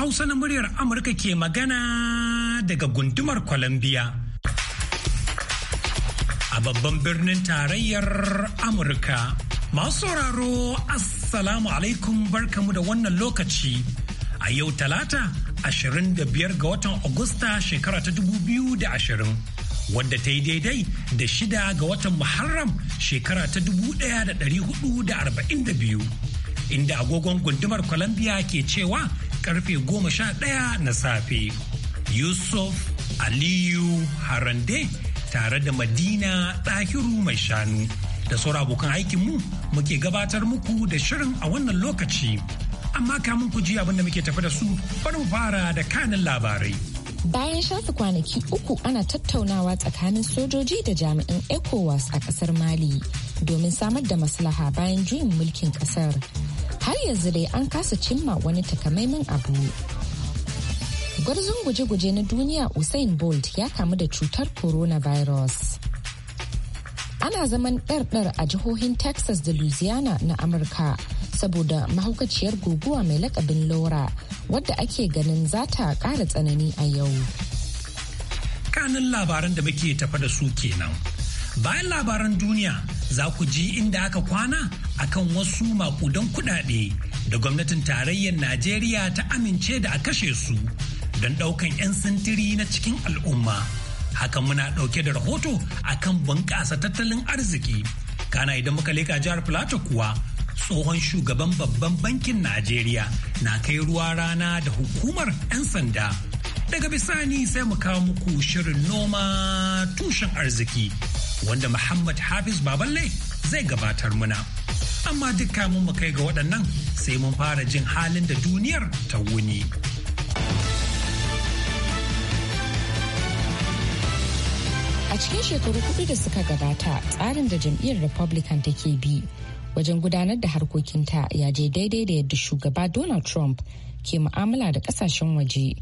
Hausa na muryar Amurka ke magana daga gundumar Columbia. A babban birnin tarayyar Amurka. Masu sauraro Assalamu alaikum barkamu da wannan lokaci. A yau talata 25 ga watan Agusta shekara ta 2020. Wadda ta yi daidai da shida ga watan Muharram shekara ta biyu, inda agogon gundumar Columbia ke cewa karfe goma sha ɗaya na safe. Yusuf Aliyu Harande tare da Madina Ɗahiru mai shanu da sauran abokan aikinmu muke gabatar muku da shirin a wannan lokaci. Amma kamun ku ji abin da muke tafi da su bari fara da kanin labarai. Bayan shafi kwanaki uku ana tattaunawa tsakanin sojoji da jami'an ECOWAS a kasar Mali domin samar da maslaha bayan juyin mulkin kasar. har yanzu dai an kasa cimma wani takamaiman abu gwarzon guje-guje na duniya usain bolt ya kamu da cutar coronavirus ana zaman ɗarɗar a jihohin texas da louisiana na amurka saboda mahaukaciyar guguwa mai lakabin laura wadda ake ganin za ta ƙara tsanani a yau kanin labaran da muke tafa da su kenan bayan labaran duniya za ku ji inda aka kwana akan wasu makudan kuɗaɗe da gwamnatin tarayyar Najeriya ta amince da a kashe su don ɗaukan 'yan sintiri na cikin al'umma. Hakan muna ɗauke da rahoto akan bunƙasa tattalin arziki. Kana idan muka leka jihar Filato kuwa tsohon shugaban babban bankin Najeriya na kai ruwa rana da hukumar 'yan sanda. Daga bisani sai mu kawo muku shirin noma tushen arziki wanda Muhammad Hafiz Baballe zai gabatar muna. Amma dukka mun mu kai ga waɗannan sai mun fara jin halin da duniyar ta wuni. A cikin shekaru kudu da suka gabata tsarin da jam'iyyar Republican take bi wajen gudanar da harkokinta ya je daidai da yadda shugaba Donald Trump ke mu'amala da kasashen waje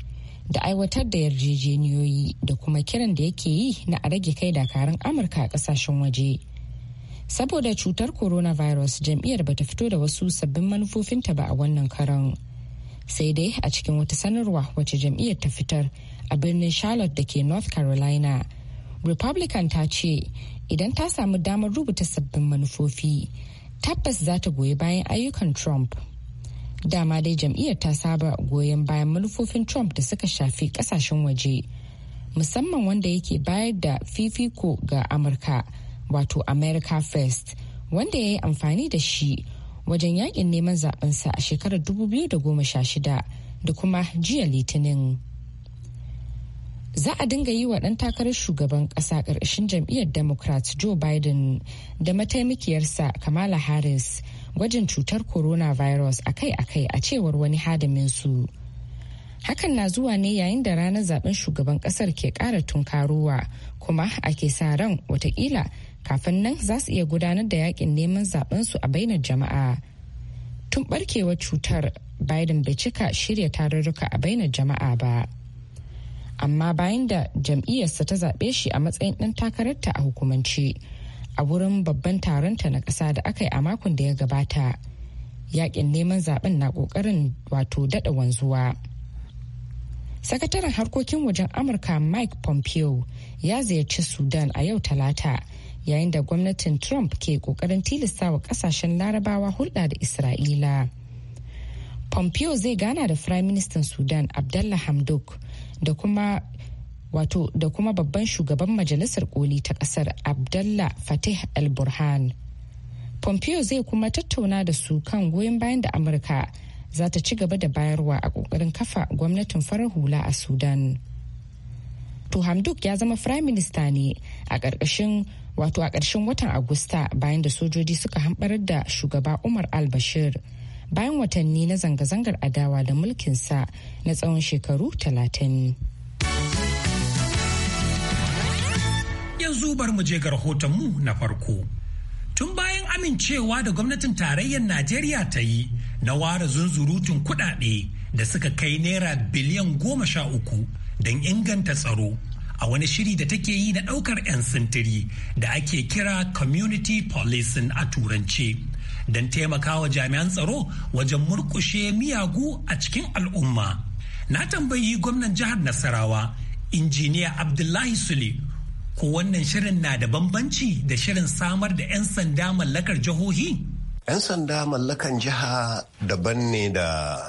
da aiwatar da yarjejeniyoyi da kuma kiran da yake yi na a rage kai dakarun amurka a kasashen waje saboda cutar coronavirus jam'iyyar bata fito da wasu sabbin manufofinta ba a wannan karan sai dai a cikin wata sanarwa wacce jam'iyyar ta fitar a birnin charlotte da ke north carolina republican ta ce idan ta samu damar rubuta sabbin manufofi tabbas za ta goyi bayan ayyukan trump dama dai jam'iyyar ta saba goyon bayan manufofin trump da suka shafi kasashen waje musamman wanda yake bayar da fifiko ga amurka wato america first wanda ya yi amfani da shi wajen yakin neman zabensa a shekarar 2016 da kuma jiya litinin za a dinga yi wa ɗan takarar shugaban ƙasa ƙarƙashin jam'iyyar democrat joe biden da mataimakiyarsa kamala harris gwajin cutar coronavirus akai-akai a cewar wani hadimin su. Hakan na zuwa ne yayin da ranar zaben shugaban kasar ke kara tunkaruwa kuma ake sa ran watakila kafin nan za su iya gudanar da yakin neman zaben su a bainar jama'a. Tun barkewar cutar Biden bai cika shirya tarurruka a bainar jama'a ba. Amma bayan da jam'iyyarsa ta zaɓe shi a matsayin ɗan takararta a hukumance. a wurin babban taronta na ƙasa da aka yi a makon da ya gabata yakin neman zaben na ƙoƙarin wato daɗa wanzuwa sakataren harkokin wajen amurka mike pompeo ya ziyarci sudan a yau talata yayin da gwamnatin trump ke ƙoƙarin wa ƙasashen larabawa hulɗa da isra'ila pompeo zai gana da firayim ministan sudan abdallah hamdok da kuma wato da kuma babban shugaban majalisar koli ta kasar abdallah fatih al-burhan pompeo zai kuma tattauna da su kan goyon bayan da amurka za ta ci gaba da bayarwa a kokarin kafa gwamnatin farar hula a sudan to hamduk ya zama firayim minista ne a ƙarƙashin wato a ƙarshen watan agusta bayan da sojoji suka hambarar da shugaba umar al-bashir bayan watanni na zanga-zangar adawa da mulkinsa na tsawon shekaru talatin. yanzu bari mu je ga rahotonmu na farko. Tun bayan amincewa da gwamnatin tarayyar Najeriya ta yi na ware zunzurutun kuɗaɗe da suka kai naira biliyan goma sha uku don inganta tsaro a wani shiri da take yi na ɗaukar 'yan sintiri da ake kira community policing a turance don taimakawa jami'an tsaro wajen murkushe miyagu a cikin al'umma. Na tambayi gwamnan jihar Nasarawa, injiniya Abdullahi Sule ko wannan shirin na da bambanci da shirin samar da 'yan sanda mallakar jihohi? 'yan sanda mallakan jiha daban ne da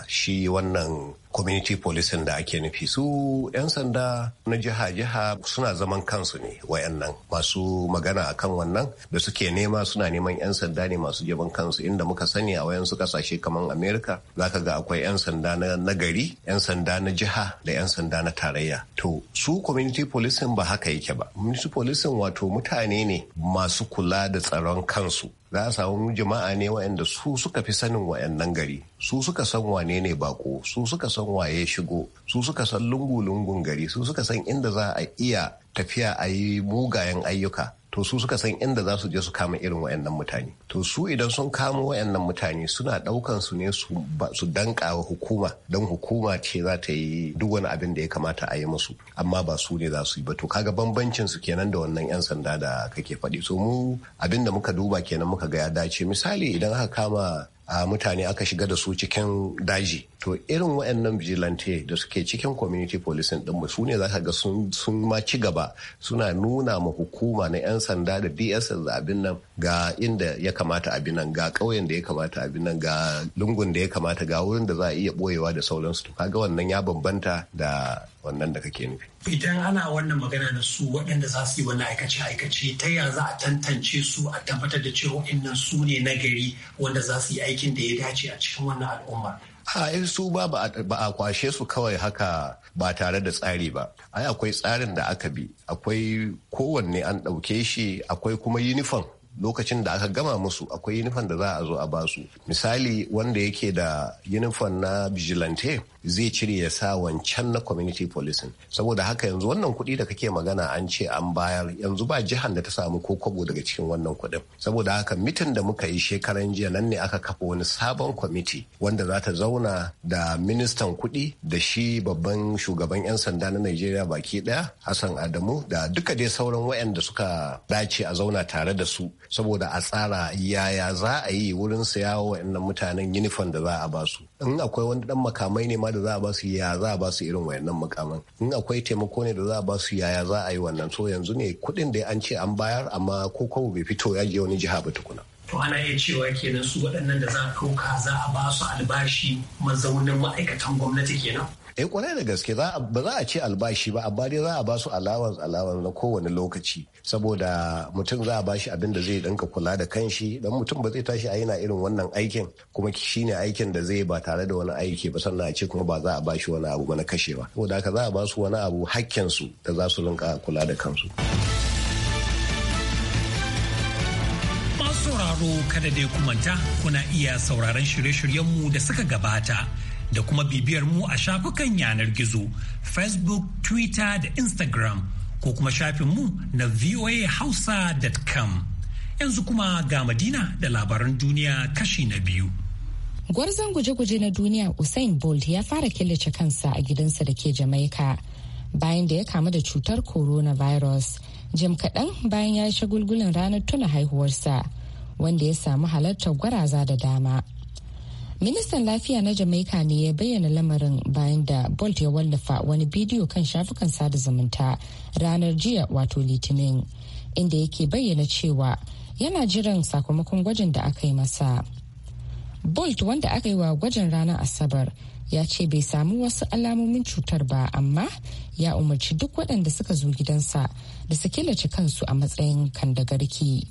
shi wannan community policing da ake nufi su 'yan sanda na jiha-jiha suna zaman kansu ne wayannan masu magana akan wannan da suke nema suna neman 'yan sanda ne masu zaman kansu inda muka sani a wayansu kasashe kamar america zaka ga akwai 'yan sanda na gari 'yan sanda na jiha da 'yan sanda na tarayya to su community policing ba haka yake ba community policing wato mutane ne masu kula da tsaron kansu za a samu jama'a ne waɗanda su suka fi sanin wayannan gari su suka san wane ne bako su suka san waye shigo su suka san lungu-lungun gari su suka san inda za a iya tafiya a yi mugayen ayyuka to su suka san inda za su je su kama irin wayannan mutane to su idan sun kama wayannan mutane suna daukan su ne su danka wa hukuma don hukuma ce za ta yi duk wani abin da ya kamata a yi musu amma ba su ne za su yi ba to kaga bambancin su kenan da wannan yan sanda da kake faɗi so mu abin da muka duba kenan muka ga ya dace misali idan aka kama A mutane aka shiga da su cikin daji to irin waɗannan vigilante da suke cikin community policing ɗinmu su ne za ka ga sun ma ci gaba suna nuna ma hukuma na 'yan sanda da dss da abin nan ga inda ya kamata abin nan ga ƙauyen da ya kamata abin nan ga lungun da ya kamata ga wurin da za a iya ɓoyewa da sauransu to kaga wannan ya bambanta da wannan da kake nufi. Idan ana wannan magana da su waɗanda za su yi wani aikace-aikace ta ya za a tantance su a tabbatar da cewa waɗannan su ne na gari wanda za su yi aikin da ya dace a cikin wannan al'umma. a eh, su ba ba a kwashe su kawai haka ba tare da tsari ba ai akwai tsarin da aka bi akwai kowanne an ɗauke shi akwai kuma uniform lokacin da aka gama musu akwai yunifan da za a zo a basu misali wanda yake da yunifan na vigilante zai cire ya sa wancan na community policing saboda haka yanzu wannan kuɗi da kake magana an ce an bayar yanzu ba jihar da ta samu ko kwabo daga cikin wannan kuɗin saboda haka mitin da muka yi shekaran jiya nan ne aka kafa wani sabon kwamiti wanda za ta zauna da ministan kuɗi da shi babban shugaban 'yan sanda na najeriya baki ɗaya hassan adamu da duka dai sauran wayanda suka dace a zauna tare da su saboda a tsara yaya za a yi wurin siya wa wa'annan mutanen yunifon da za a ba su in akwai wani dan makamai ne ma da za a ba su ya za a ba su irin wa'annan makaman in akwai taimako ne da za a ba su yaya za a yi wannan so yanzu ne kuɗin da an ce an bayar amma ko kawo bai fito ya je wani jiha ba tukuna to ana iya cewa kenan su waɗannan da za a ɗauka za a ba su albashi mazaunin ma'aikatan gwamnati kenan eh kwarai da gaske ba za a ce albashi ba amma dai za a ba su alawar-alawar na kowane lokaci saboda mutum za a ba shi abin da zai danka kula da kanshi don mutum ba zai tashi a yana irin wannan aikin kuma shi ne aikin da zai ba tare da wani aiki ba sannan a ce kuma ba za a ba shi wani abu ba na kashewa saboda haka za a ba su wani abu hakkin su da za su rinka kula da kansu sauraro kada dai kumanta kuna iya sauraron shirye-shiryenmu da suka gabata da kuma bibiyar mu a shafukan yanar gizo facebook twitter da instagram ko kuma shafin mu na voahausa.com yanzu kuma ga madina da labaran duniya kashi na biyu gwarzon guje-guje na duniya usain bolt ya fara killace kansa a gidansa da ke jamaika bayan da ya kamu da cutar coronavirus jim kaɗan bayan ya yi shagulgulin ranar tuna haihuwarsa wanda ya samu halartar gwaraza da dama Ministan lafiya na Jamaika ne ya bayyana lamarin bayan da Bolt ya wallafa wani bidiyo kan shafukan sada zumunta ranar jiya wato Litinin, inda yake bayyana cewa yana jiran sakamakon gwajin da aka yi masa. Bolt wanda aka yi wa gwajin ranar Asabar ya ce bai samu wasu alamomin cutar ba amma ya umarci duk waɗanda suka zo gidansa da su kansu a matsayin kandagarki.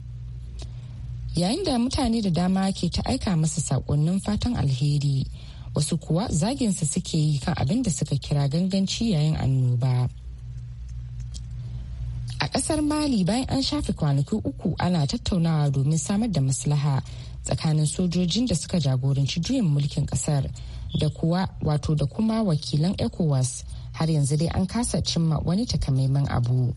yayin da mutane da dama ke ta aika masa saƙonnin fatan alheri wasu kuwa zaginsa suke yi kan abin da suka kira ganganci yayin annoba a ƙasar mali bayan an shafe kwanaki uku ana tattaunawa domin samar da maslaha tsakanin sojojin da suka jagoranci juyin mulkin ƙasar da kuwa wato da kuma wakilan ecowas har yanzu dai an kasa cimma wani takamaiman abu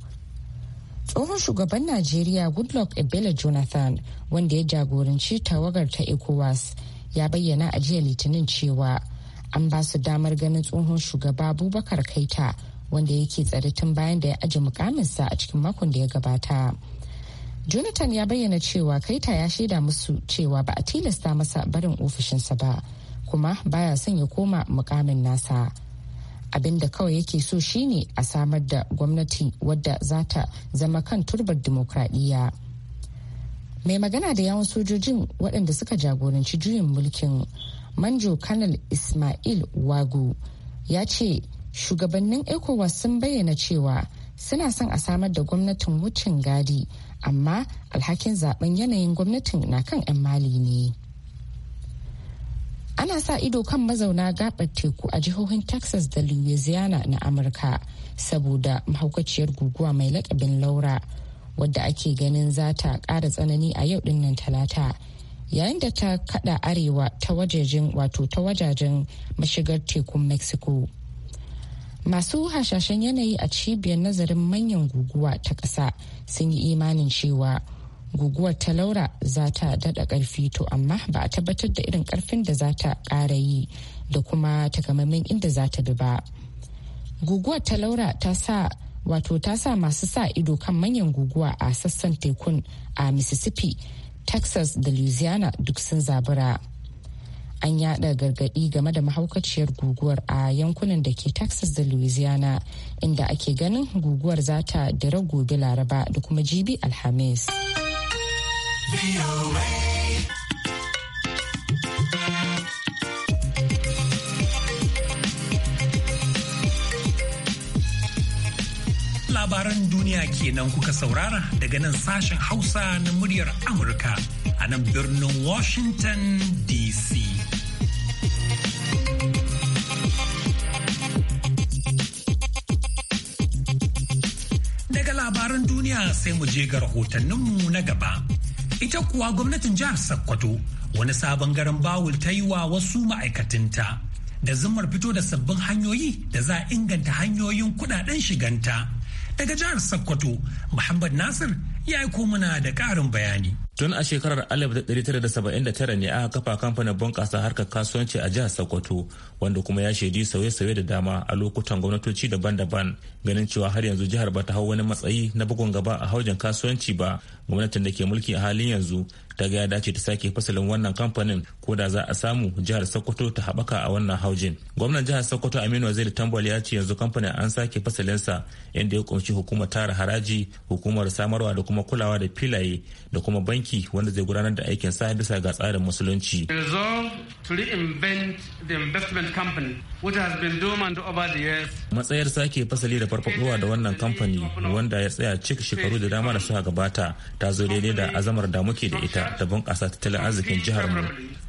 tsohon shugaban najeriya goodluck ebele jonathan wanda ya jagoranci tawagar ta ecowas ya bayyana a jiya litinin cewa an ba su damar ganin tsohon shugaba abubakar kaita wanda yake tsare tun bayan da ya aji mukaminsa a cikin makon da ya gabata jonathan ya bayyana cewa kaita ya shaida musu cewa ba a tilasta masa barin ofishinsa ba kuma baya son ya koma mukamin nasa abin da kawai yake so shine a samar da gwamnati wadda za ta zama kan turbar dimokuraɗiyya mai magana da yawan sojojin waɗanda suka jagoranci juyin mulkin manjo kanal ismail wagu ya ce shugabannin ecowas sun bayyana cewa suna son a samar da gwamnatin wucin gadi amma alhakin zaben yanayin gwamnatin na kan 'yan mali ne ana sa ido kan mazauna gabar teku a jihohin texas da louisiana na amurka saboda mahaukaciyar guguwa mai lakabin laura wadda ake ganin za ta ƙara tsanani a yau dinnan talata yayin da ta kada arewa ta wajejen wato ta wajajen mashigar tekun mexico masu hashashen yanayi a cibiyar nazarin manyan guguwa ta ƙasa sun yi imanin cewa guguwar ta laura za ta daɗa ƙarfi to amma ba a tabbatar da irin ƙarfin da za ta ƙara yi da kuma takamaimin inda za ta bi ba guguwar ta laura ta sa wato ta sa masu sa ido kan manyan guguwa a sassan tekun a mississippi texas da louisiana duk sun zabura an yada gargadi game da mahaukaciyar guguwar a yankunan da ke texas da louisiana inda ake ganin guguwar za ta dira gobe laraba da kuma jibi alhamis Labaran duniya kenan kuka saurara daga nan sashen Hausa na muryar Amurka a nan birnin Washington DC. Daga labaran duniya sai mu je ga rahotanninmu na gaba. Ita kuwa gwamnatin jihar Sokoto wani sabon garin bawul ta yi wa wasu ma'aikatanta da zumar fito da sabbin hanyoyi da za a inganta hanyoyin kudaden shiganta. Daga jihar Sokoto, Muhammad Nasir ya yi mana da ƙarin bayani. Tun a shekarar 1979 ne aka kafa kamfanin bunƙasa harkar kasuwanci a jihar Sokoto wanda kuma ya shaidi sauye-sauye da dama a lokutan gwamnatoci daban-daban ganin cewa har yanzu jihar ba ta hau wani matsayi na bugun gaba a haujin kasuwanci ba gwamnatin da ke mulki a halin yanzu ta ga ya dace ta sake fasalin wannan kamfanin ko da za a samu jihar sokoto ta haɓaka a wannan haujin gwamnan jihar sokoto aminu wazir tambal ya ce yanzu kamfanin an sake fasalinsa inda ya kunshi hukumar tara haraji hukumar samarwa da kuma kulawa da filaye da kuma banki wanda zai gudanar da aikin sa bisa ga tsarin musulunci matsayar sake fasali da farfadowa da wannan kamfani wanda ya tsaya cik shekaru da dama da suka gabata ta zo daidai da azamar da muke da ita ta bunƙasa tattalin arzikin jihar mu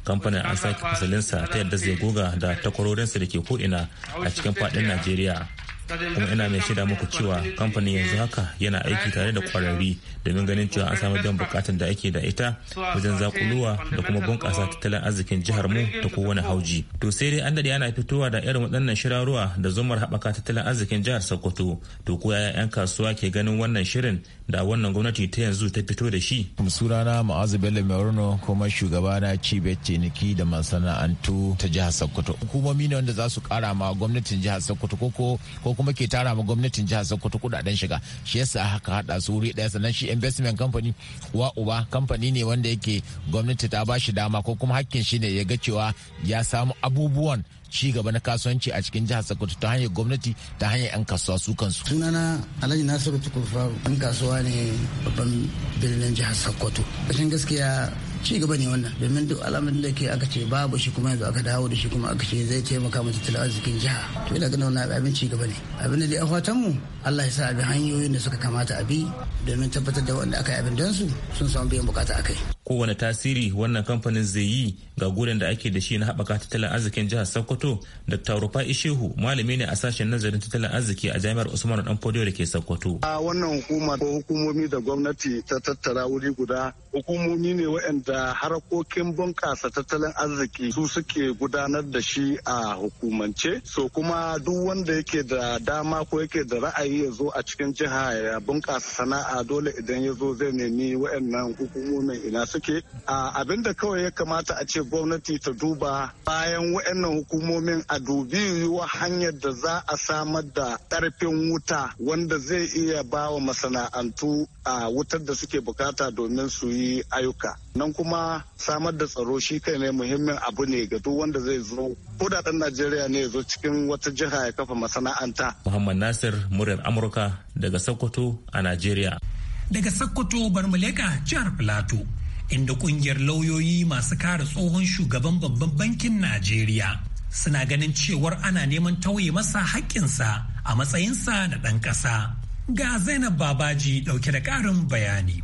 kamfanin an sake fasalinsa ta yadda zai goga da takwarorinsa da ke ko'ina a cikin faɗin najeriya kuma ina mai shaida muku cewa kamfanin yanzu haka yana aiki tare da kwararri domin ganin cewa an samu biyan bukatun da ake da ita wajen zakuluwa da kuma bunƙasa tattalin arzikin jihar mu ta kowane hauji to sai dai an daɗe ana fitowa da irin waɗannan shirarruwa da zumar haɓaka tattalin arzikin jihar sokoto to ko yaya 'yan kasuwa ke ganin wannan shirin da wannan gwamnati ta yanzu ta fito da shi. sunana ma'azu bello maurono kuma shugaba na cibiyar ciniki da masana'antu ta jihar sokoto hukumomi ne wanda za su kara ma gwamnatin jihar sokoto ko kuma ke tara ma gwamnatin jihar sokoto kudaden shiga shi yasa haka hada su wuri ɗaya sannan shi investment company wa uba kamfani ne wanda yake gwamnati ta ba shi dama ko kuma hakkin shi ne ya ga cewa ya samu abubuwan ci gaba na kasuwanci a cikin jihar Sokoto ta hanyar gwamnati ta hanyar 'yan kasuwa su kansu. Sunana Alhaji Nasiru Tukurfa ɗan kasuwa ne babban birnin jihar Sokoto. Rashin gaskiya ci gaba ne wannan domin duk alamun da ke aka ce babu shi kuma yanzu aka dawo da shi kuma aka ce zai taimaka mu tattalin arzikin jiha to ina ganin wannan abin ci gaba ne abin da ya a fatan mu Allah ya sa abin hanyoyin da suka kamata a bi domin tabbatar da wanda aka yi abin don su sun samu biyan bukata akai kowane tasiri wannan kamfanin zai yi ga gurin da ake da shi na haɓaka tattalin arzikin jiha Sokoto da Rufa Ishehu malami ne a sashen nazarin tattalin arziki a Jami'ar Usman Dan Fodio da ke Sokoto. A wannan hukuma ko hukumomi da gwamnati ta tattara wuri guda hukumomi ne waɗanda da harkokin bunƙasa tattalin arziki su suke gudanar da shi a hukumance so kuma duk wanda yake da dama ko yake da ra'ayi ya zo a cikin jiha ya bunkasa sana'a dole idan ya zo zai nemi waɗannan hukumomin ina suke abin da kawai ya kamata a ce gwamnati ta duba bayan waɗannan hukumomin a dubi yiwuwa hanyar da za a samar da ƙarfin wuta wanda zai iya ba wa masana'antu a wutar da suke bukata domin su yi ayyuka nan kuma samar da tsaro shi kai ne muhimmin abu ne ga duk wanda zai zo ko da Najeriya ne ya zo cikin wata jiha ya kafa masana'anta. Muhammad Nasir muryar Amurka daga Sokoto a Najeriya. Daga Sokoto Barmuleka jihar Filato inda kungiyar lauyoyi masu kare tsohon shugaban babban bankin Najeriya suna ganin cewar ana neman tauye masa haƙƙinsa a matsayinsa na ɗan ƙasa. Ga Zainab Babaji ɗauke da ƙarin bayani.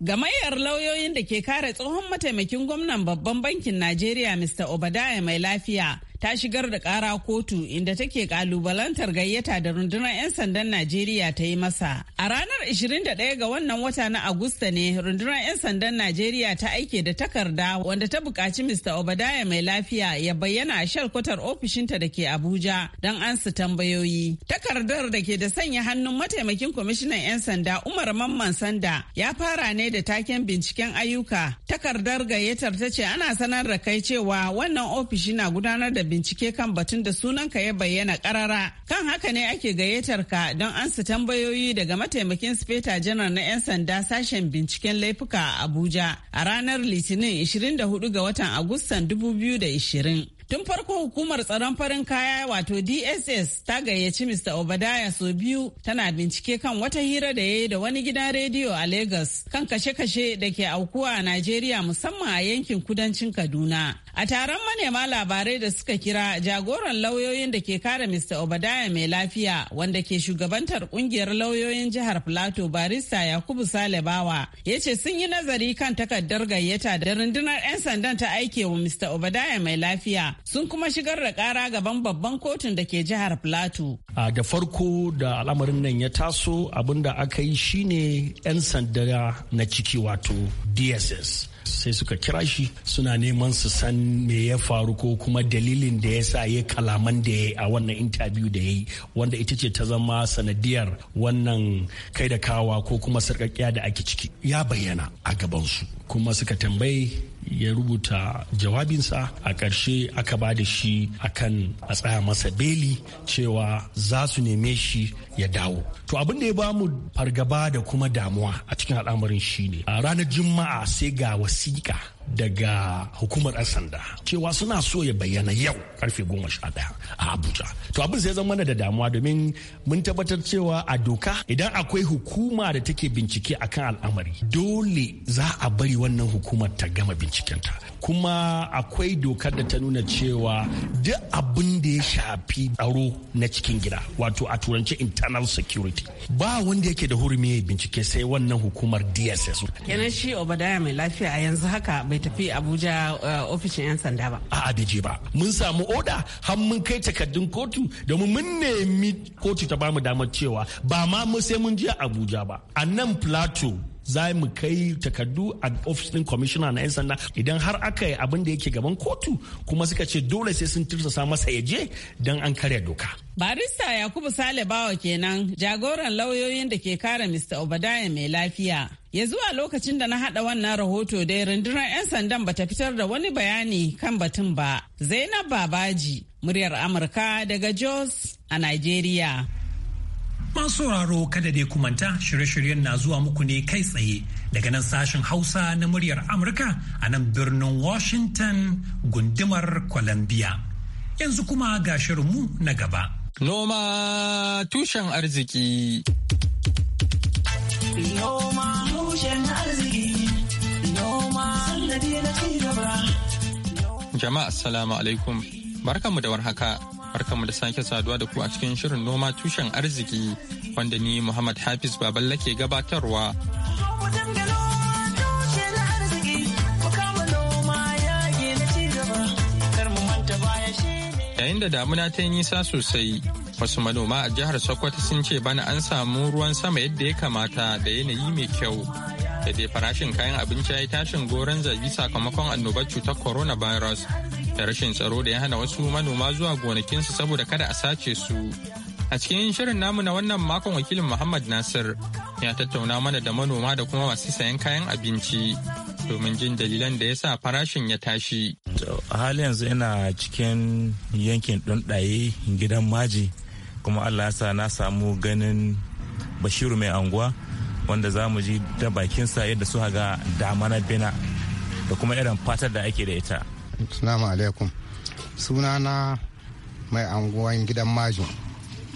Gamayyar lauyoyin da ke kare tsohon mataimakin gwamnan babban bankin Najeriya Mr. Obadiah mai lafiya ta shigar da kara kotu inda take kalubalantar gayyata da rundunar 'yan sandan Najeriya ta yi masa. A ranar 21 ga wannan wata na Agusta ne rundunar 'yan sandan Najeriya ta aike da takarda wanda ta buƙaci Mr. Obadaya mai lafiya ya bayyana a shalkwatar ofishinta da ke Abuja don an su tambayoyi. Takardar da ke da sanya hannun mataimakin kwamishinan 'yan sanda Umar Mamman Sanda ya fara ne da taken binciken ayyuka. Takardar gayyatar ta ce ana sanar da kai cewa wannan ofishi na gudanar da bincike kan batun da sunanka ya bayyana karara. Kan haka ne ake gayyatar ka don ansa tambayoyi daga mataimakin speta janar na 'yan sanda sashen binciken laifuka a Abuja a ranar Litinin 24 ga watan Agustan 2020. Tun farko hukumar tsaron farin kaya wato DSS ta gayyaci Mr. Obadaya sau biyu tana bincike kan wata hira da ya yi da wani gidan rediyo a Lagos kan kashe-kashe da ke aukuwa a Najeriya musamman a yankin kudancin Kaduna. A taron manema labarai da suka kira jagoran lauyoyin da ke kare Mr. Obadaya mai lafiya wanda ke shugabantar kungiyar lauyoyin jihar Plateau barista Yakubu Salebawa ya ce sun yi nazari kan takardar gayyata da rundunar 'yan sandan ta aike wa Mr. Obadaya mai lafiya sun kuma shigar da kara gaban babban kotun da ke jihar Plateau. A da farko da al'amarin nan ya taso abin da aka yi shine 'yan sanda na ciki wato DSS. sai suka kira shi suna neman su san me ya faru ko kuma dalilin da ya sa ya kalaman da ya a wannan interview da ya yi wanda ita ce ta zama sanadiyar wannan kai da kawa ko kuma sarƙaƙiya da ake ciki ya bayyana a gabansu kuma suka tambayi ya rubuta jawabinsa a ƙarshe aka ba da shi akan a tsaya masa beli cewa za su neme shi ya dawo to abin da ya bamu fargaba da kuma damuwa a cikin al'amarin shine a ranar juma'a sai ga wasiƙa daga hukumar 'yan sanda cewa suna so ya bayyana yau karfe goma sha daya a abuja to abin sai zama da damuwa domin mun tabbatar cewa a doka idan akwai hukuma da take bincike akan al'amari dole za a bari wannan hukumar ta gama bincikenta kuma akwai dokar da ta nuna cewa duk abin da ya shafi tsaro na cikin gida wato a turanci internal security ba wanda yake da hurumi ya bincike sai wannan hukumar dss kenan shi obadaya mai lafiya a yanzu haka bai tafi abuja uh, ofishin yan sanda ba a abije ba mun samu oda har mun kai takardun kotu domin mun nemi kotu ta bamu damar cewa ba ma mu sai mun je abuja ba a nan plateau za mu kai takardu a ofis din kwamishina na 'yan sanda idan har aka yi abin da yake gaban kotu kuma suka ce dole sai sun tirsasa masa ya je don an karya doka. Barista Yakubu Sale Bawa kenan jagoran lauyoyin da ke kare Mr. Obadaya mai lafiya. Ya zuwa lokacin da na haɗa wannan rahoto dai rundunar 'yan sandan bata fitar da wani bayani kan batun ba. Zainab Babaji, muryar Amurka daga Jos a Nigeria. Masu sauraro kada dai kumanta shirye-shiryen na zuwa muku ne kai tsaye daga nan sashen Hausa na muryar Amurka a nan birnin Washington gundumar Columbia. Yanzu kuma ga shirinmu na gaba. Noma tushen arziki. Noma tushen Jama'a assalamu alaikum. Barkanmu da warhaka. barkanmu da sake saduwa da ku a cikin shirin noma tushen arziki wanda ni Muhammad Hafiz baballe ke gabatarwa. Yayin da damuna ta yi nisa sosai, wasu manoma a jihar Sokoto sun ce bana an samu ruwan sama yadda ya kamata da yanayi mai kyau. Da dai farashin kayan abinci ya yi tashin goron zagi sakamakon annobar cutar coronavirus da rashin tsaro da ya hana wasu manoma zuwa gonakinsu saboda kada a sace su. A cikin shirin namu na wannan makon wakilin Muhammad Nasir ya tattauna mana da manoma da kuma masu sayan kayan abinci domin jin dalilan da ya sa farashin ya tashi. hali yanzu ina cikin yankin ɗunɗaye gidan maji kuma Allah sa na samu ganin Bashiru mai anguwa wanda za mu ji da bakinsa yadda su haga damanar bina da kuma irin fatar da ake da ita. Assalamu alaikum. Sunana mai anguwan gidan maju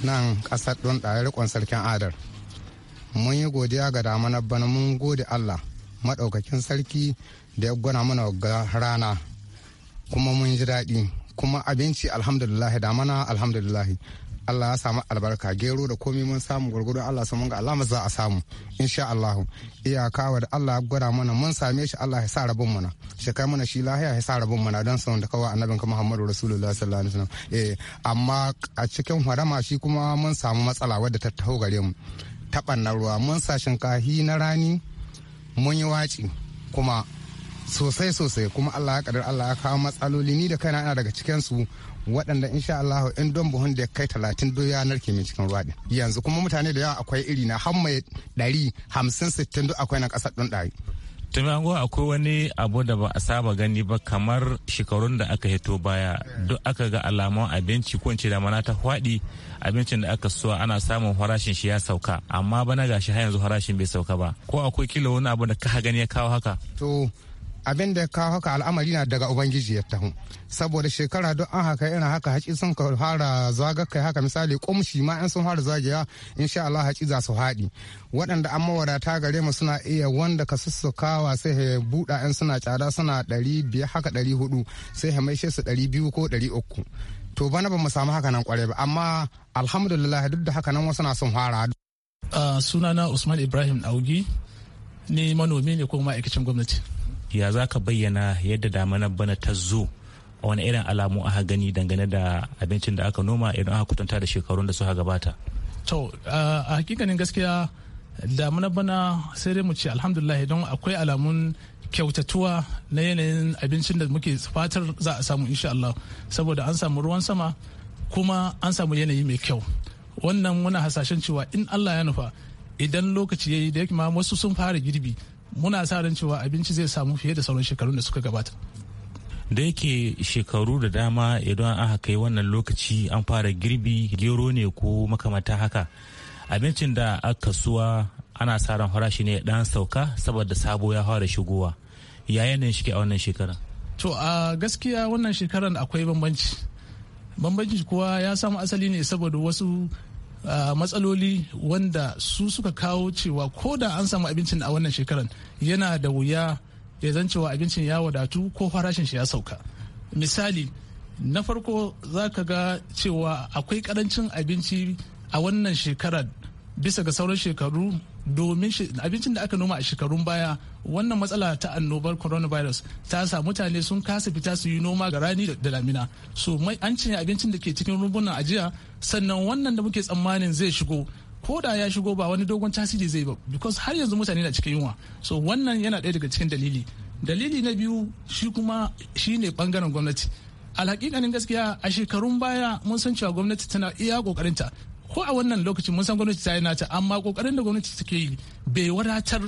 nan kasar don ɗaya sarkin adar. Mun yi godiya ga damana bana mun gode Allah maɗaukakin sarki da ya gwana mana ga rana kuma mun ji daɗi kuma abinci alhamdulillahi damana alhamdulillahi Allah ya samu albarka gero da komi mun samu gwargwado Allah samu ga alama za a samu insha Allah iyaka wa da Allah ya gwada mana mun same shi Allah ya sa rabon mana shi kai mana shi lahiya ya sa rabon mana don sanin da kawai annabin ka Muhammadu Rasulullahi sallallahu alaihi wasallam eh amma a cikin harama shi kuma mun samu matsala wadda ta taho gare mu taban na ruwa mun sa shinkahi na rani mun yi waci kuma sosai sosai kuma Allah ya kadar Allah ya kawo matsaloli ni da kaina ina daga cikin su waɗanda insha Allah in don buhun da kai talatin do yanar ke min cikin ruwa yanzu kuma mutane da yawa akwai iri na har mai ɗari hamsin sittin duk akwai na ƙasar ɗin ɗari. Tumango akwai wani abu da ba a saba gani ba kamar shekarun da aka hito baya duk aka ga alamun abinci ko da mana ta faɗi abincin da aka so ana samun farashin shi ya sauka amma bana gashi har yanzu farashin bai sauka ba ko akwai kilo wani abu da ka gani ya kawo haka. To abin da kawo haka al'amari na daga ubangiji ya taho saboda shekara duk an haka irin haka haƙi sun ka fara zaga kai haka misali kumshi ma in sun fara zagaya insha Allah haƙi za su haɗi waɗanda an mawadata gare mu suna iya wanda ka sussukawa sai ya buɗa in suna tsada suna ɗari biyar haka ɗari hudu sai ya maishe su ɗari biyu ko ɗari uku to bana ba mu samu haka nan ƙwarai ba amma alhamdulillah duk da haka nan wasu na son fara. Ah, sunana usman ibrahim augi ni manomi ne ko ma'aikacin gwamnati. ya za ka bayyana yadda damanar bana ta zo a wani irin alamu aka gani dangane da abincin da aka noma idan aka kutanta da shekarun da suka gabata to a hakikanin gaskiya damanar bana sai dai mu ce alhamdulillah don akwai alamun kyautatuwa na yanayin abincin da muke fatar za a samu insha Allah saboda an samu ruwan sama kuma an samu yanayi mai kyau wannan muna hasashen cewa in Allah ya nufa idan lokaci yayi da yake ma wasu sun fara girbi muna sa ran cewa abinci zai samu fiye da sauran shekarun da suka gabata da yake shekaru da dama idan aka kai wannan lokaci an fara girbi gero ne ko makamata haka abincin da aka suwa ana sa ran farashi ne dan sauka saboda sabo ya fara shigowa yayin nan shi a wannan shekara. to a gaskiya wannan shekaran akwai bambanci bambanci kuwa ya samu asali ne saboda wasu matsaloli wanda su suka kawo cewa ko da an samu abincin a wannan shekaran yana da wuya ya zan cewa abincin ya wadatu ko farashin shi ya sauka misali na farko za ka ga cewa akwai karancin abinci a wannan shekarar bisa ga sauran shekaru domin abincin da aka noma a shekarun baya wannan matsala ta annobar coronavirus ta sa mutane sun kasa fita su yi noma ga rani da lamina. so an cinye abincin da ke cikin rumbunan ajiya sannan wannan da muke tsammanin zai shigo ko da ya shigo ba wani dogon tasiri zai ba because har yanzu mutane na cikin yunwa so wannan yana ɗaya daga cikin dalili dalili na biyu shi kuma shi ne bangaren gwamnati alhaƙiƙanin gaskiya a shekarun baya mun san cewa gwamnati tana iya ƙoƙarinta ko a wannan lokacin mun san gwamnati ta yi nata amma kokarin da gwamnati take yi bai wadatar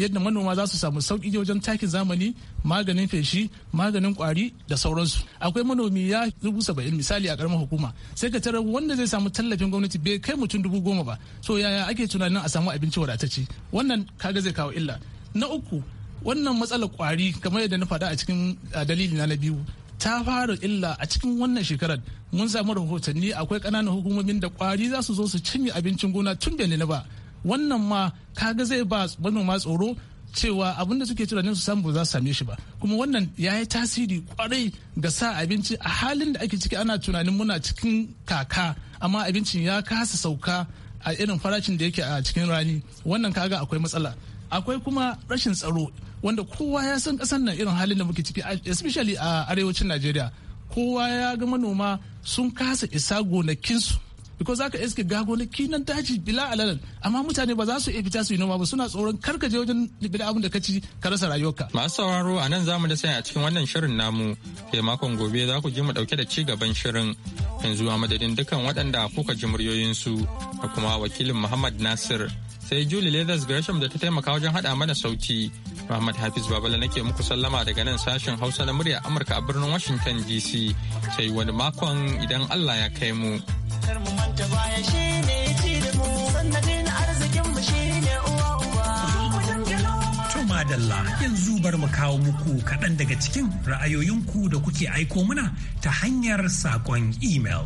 yadda manoma za su samu sauki wajen takin zamani maganin feshi maganin kwari da sauransu akwai manomi ya dubu saba'in misali a karamar hukuma sai ka tarar wanda zai samu tallafin gwamnati bai kai mutum dubu goma ba so yaya ake tunanin a samu abinci wadatacce wannan kaga zai kawo illa na uku wannan matsalar kwari kamar yadda na faɗa a cikin dalili na na biyu ta fara illa a cikin wannan shekarar mun samu rahotanni akwai kananan hukumomin da kwari za su zo su cinye abincin gona tun da ba wannan ma kaga zai ba manoma tsoro cewa abin da suke tunanin su samu ba za su same shi ba kuma wannan ya yi tasiri kwarai ga sa abinci a halin da ake ciki ana tunanin muna cikin kaka amma abincin ya kasa sauka a irin farashin da yake a cikin rani wannan kaga akwai matsala akwai kuma rashin tsaro wanda kowa ya san kasan nan irin halin da muke ciki especially a arewacin najeriya kowa ya ga manoma sun kasa isa gonakinsu because zaka iske gagonaki nan daji bila alalan amma mutane ba za su iya fita su yi noma ba suna tsoron karka je wajen bila abin da ka ci ka rasa rayuwarka masu sauraro a nan zamu da sai a cikin wannan shirin namu sai makon gobe za ku ji mu dauke da ci gaban shirin yanzu a madadin dukkan waɗanda kuka ji muryoyinsu da kuma wakilin Muhammad Nasir sai Julie Leathers Gresham da ta taimaka wajen haɗa mana sauti. Muhammad Hafiz Babala nake muku sallama daga nan sashen Hausa na murya Amurka a birnin Washington DC sai wani makon idan Allah ya kai mu. da baya shi ne ci da mu sannadin arzikin mu shi ne uwa uwa. To madalla yanzu bar mu kawo muku kaɗan daga cikin ra'ayoyinku da kuke aiko muna ta hanyar saƙon email.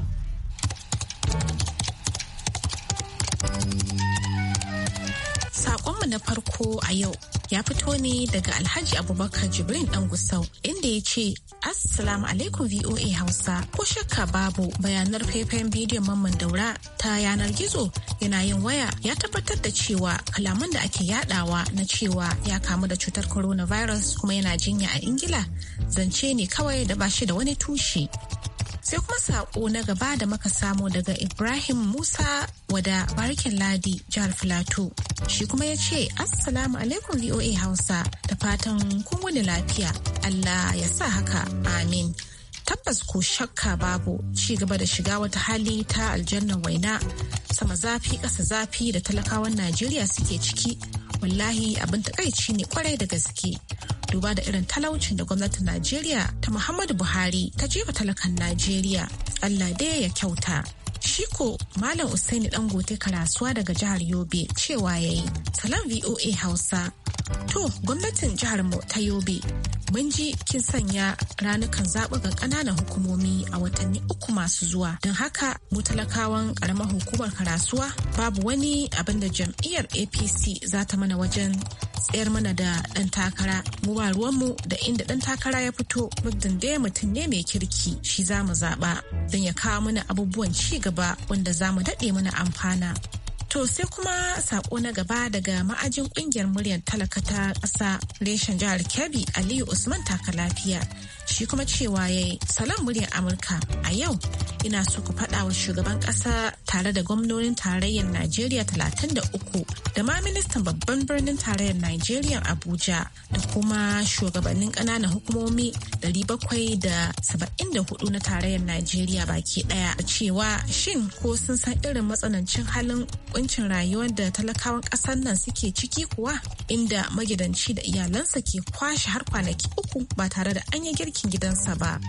Saƙonmu na farko a yau ya fito ne daga Alhaji Abubakar Jibrin dan Gusau inda ya ce Assalamu alaikum VOA Hausa ko shakka babu bayanar faifayen bidiyon Mamman Daura ta yanar gizo yana yin waya ya tabbatar da cewa kalaman da ake yadawa na cewa ya kamu da cutar coronavirus kuma yana jinya a Ingila zance ne kawai da ba shi da wani tushe. sai kuma saƙo na gaba da muka samu daga ibrahim musa wada barikin ladi jihar filato shi kuma ya ce assalamu alaikum voa hausa da fatan kun wani lafiya allah ya sa haka amin tabbas ko shakka babu ci gaba da shiga wata hali ta aljannan waina sama zafi ƙasa zafi da talakawan najeriya suke ciki wallahi abin takaici ne kwarai da gaske duba da irin talaucin da gwamnatin najeriya ta muhammadu buhari ta jefa talakan najeriya allah dai ya kyauta Shiko Malam Usaini gote Karasuwa daga jihar Yobe cewa ya yi. Salam VOA Hausa. To, gwamnatin jihar mu ta Yobe, mun ji kin sanya ranukan ga ƙananan hukumomi a watanni uku masu zuwa. Don haka, mu talakawan ƙaramar hukumar Karasuwa babu wani abin da jam'iyyar APC za ta mana wajen tsayar mana da ɗan takara mu ba ruwan mu da inda ɗan takara ya fito muddin dai mutum ne mai kirki shi za mu zaɓa don ya kawo mana abubuwan ci gaba wanda za mu daɗe mana amfana To sai kuma sako na gaba daga ma'ajin kungiyar muryar talaka ta ƙasa reshen jihar Kebbi Aliyu Usman taka lafiya. Shi kuma cewa ya yi salon muryar Amurka a yau ina so ku faɗa wa shugaban ƙasa tare da gwamnonin tarayyar Najeriya 33 da ma ministan babban birnin tarayyar Najeriya Abuja da kuma shugabannin ƙananan hukumomi 774 na tarayyar Najeriya baki ɗaya cewa shin ko sun san irin matsanancin halin kuncin rayuwar da talakawan ƙasar nan suke ciki kuwa inda magidanci da iyalansa ke kwashe har kwanaki uku ba tare da an yi girkin gidansa ba.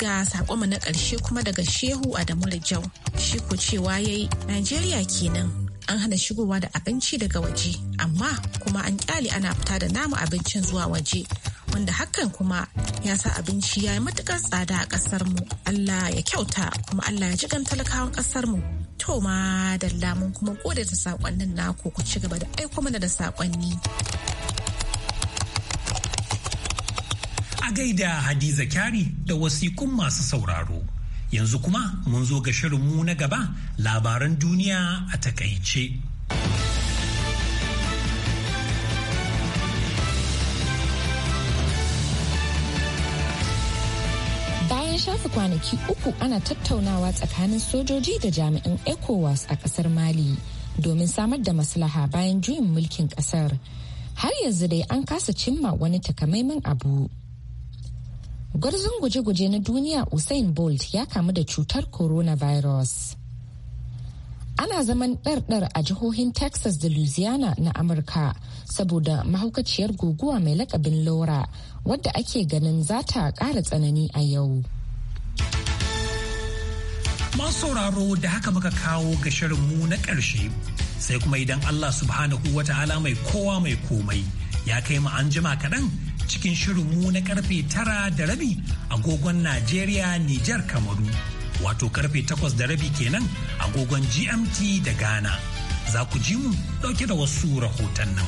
ga sakonmu na ƙarshe kuma daga shehu adamu rijau shi ko cewa ya yi najeriya kenan an hana shigowa da abinci daga waje amma kuma an kyale ana fita da namu abincin zuwa waje wanda hakan kuma ya sa abinci ya yi matukar tsada a ƙasarmu allah ya kyauta kuma allah ya jigan talakawan ƙasarmu To ma da lamun kuma koda da sakonnin naku ku ci gaba da aiko mana da sakonni. A gaida Hadiza Kyari da wasikun masu sauraro. Yanzu kuma mun zo ga shirinmu na gaba labaran duniya a takaice. shafe kwanaki uku ana tattaunawa tsakanin sojoji da jami'in ecowas a kasar mali domin samar da maslaha bayan juyin mulkin kasar har yanzu dai an kasa cimma wani takamaiman abu gwarzon guje-guje na duniya usain bolt ya kamu da cutar coronavirus ana zaman ɗarɗar a jihohin texas da louisiana na amurka saboda mahaukaciyar guguwa mai lakabin laura wadda ake ganin za ta ƙara tsanani a yau Masu sauraro da haka muka kawo ga mu na ƙarshe sai kuma idan Allah subhanahu wa ta'ala mai kowa mai komai ya kai mu an jima kaɗan cikin mu na karfe tara da rabi agogon Najeriya Nijar Kamaru wato karfe takwas da rabi kenan agogon GMT da Ghana za ku ji mu ɗauke da wasu rahoton nan.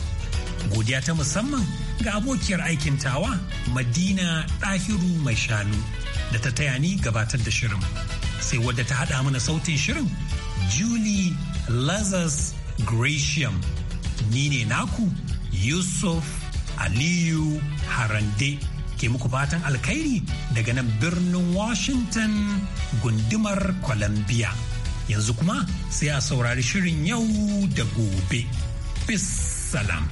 Godiya ta musamman ga abokiyar aikin tawa Madina Ɗahiru mai shanu da ta taya ni gabatar da shirin. sai wadda ta haɗa mana sautin shirin Julie Lazarus Gratiam. Ni ne naku Yusuf Aliyu Harande ke muku fatan alkhairi daga nan birnin Washington gundumar Columbia. Yanzu kuma sai a saurari shirin yau da gobe. Bis salam.